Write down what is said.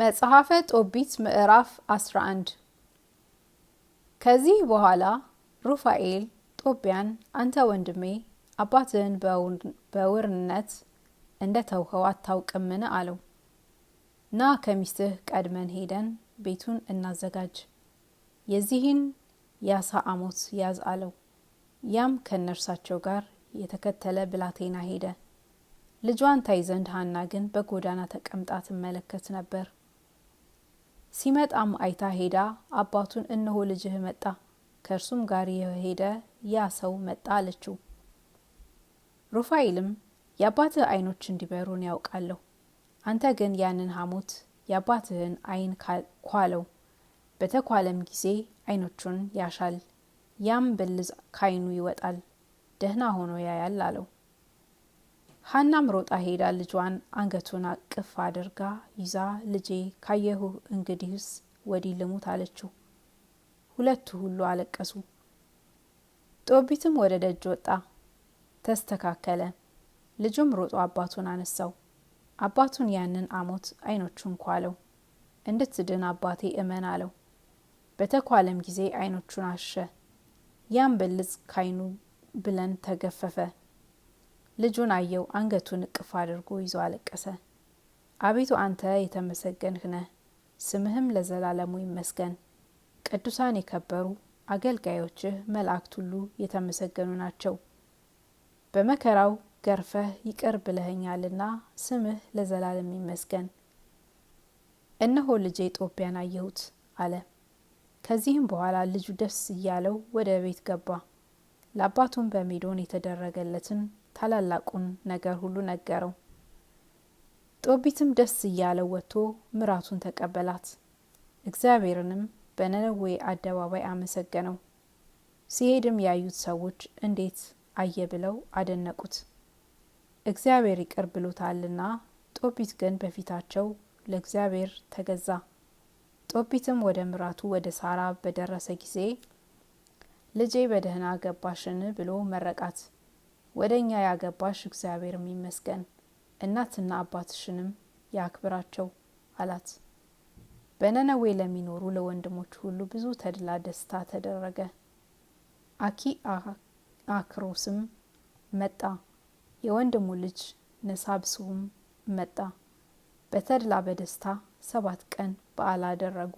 መጽሐፈ ጦቢት ምዕራፍ 11 ከዚህ በኋላ ሩፋኤል ጦቢያን አንተ ወንድሜ አባትህን በውርነት እንደ ተውኸው አታውቅምን? አለው። ና ከሚስትህ ቀድመን ሄደን ቤቱን እናዘጋጅ፣ የዚህን ያሳ አሞት ያዝ አለው። ያም ከነርሳቸው ጋር የተከተለ ብላቴና ሄደ። ልጇን ታይ ዘንድ ሀና ግን በጎዳና ተቀምጣ ትመለከት ነበር። ሲመጣም አይታ ሄዳ አባቱን እነሆ ልጅህ መጣ፣ ከእርሱም ጋር የሄደ ያ ሰው መጣ አለችው። ሩፋኤልም የአባትህ አይኖች እንዲበሩን ያውቃለሁ፣ አንተ ግን ያንን ሐሞት የአባትህን አይን ኳለው፣ በተኳለም ጊዜ አይኖቹን ያሻል፣ ያም ብልዝ ከአይኑ ይወጣል፣ ደህና ሆኖ ያያል አለው። ሀናም ሮጣ ሄዳ ልጇን አንገቱን አቅፍ አድርጋ ይዛ ልጄ ካየሁ እንግዲህስ ወዲህ ልሙት አለችው። ሁለቱ ሁሉ አለቀሱ። ጦቢትም ወደ ደጅ ወጣ፣ ተስተካከለ። ልጁም ሮጦ አባቱን አነሳው። አባቱን ያንን አሞት አይኖቹን ኳለው። እንድትድን አባቴ እመን አለው። በተኳለም ጊዜ አይኖቹን አሸ። ያም ብልጽ ካይኑ ብለን ተገፈፈ። ልጁን አየው። አንገቱን እቅፍ አድርጎ ይዞ አለቀሰ። አቤቱ አንተ የተመሰገንህ ነህ፣ ስምህም ለዘላለሙ ይመስገን። ቅዱሳን የከበሩ አገልጋዮችህ መላእክት ሁሉ የተመሰገኑ ናቸው። በመከራው ገርፈህ ይቅር ብለኸኛልና ስምህ ለዘላለም ይመስገን። እነሆ ልጄ ጦቢያን አየሁት አለ። ከዚህም በኋላ ልጁ ደስ እያለው ወደ ቤት ገባ። ለአባቱም በሜዶን የተደረገለትን ታላላቁን ነገር ሁሉ ነገረው። ጦቢትም ደስ እያለው ወጥቶ ምራቱን ተቀበላት። እግዚአብሔርንም በነነዌ አደባባይ አመሰገነው። ሲሄድም ያዩት ሰዎች እንዴት አየ ብለው አደነቁት፣ እግዚአብሔር ይቅር ብሎታልና። ጦቢት ግን በፊታቸው ለእግዚአብሔር ተገዛ። ጦቢትም ወደ ምራቱ ወደ ሳራ በደረሰ ጊዜ ልጄ በደህና ገባሽን ብሎ መረቃት። ወደ እኛ ያገባሽ እግዚአብሔር ይመስገን፣ እናትና አባትሽንም ያክብራቸው አላት። በነነዌ ለሚኖሩ ለወንድሞች ሁሉ ብዙ ተድላ ደስታ ተደረገ። አኪ አክሮስም መጣ፣ የወንድሙ ልጅ ነሳብስሁም መጣ። በተድላ በደስታ ሰባት ቀን በዓል አደረጉ።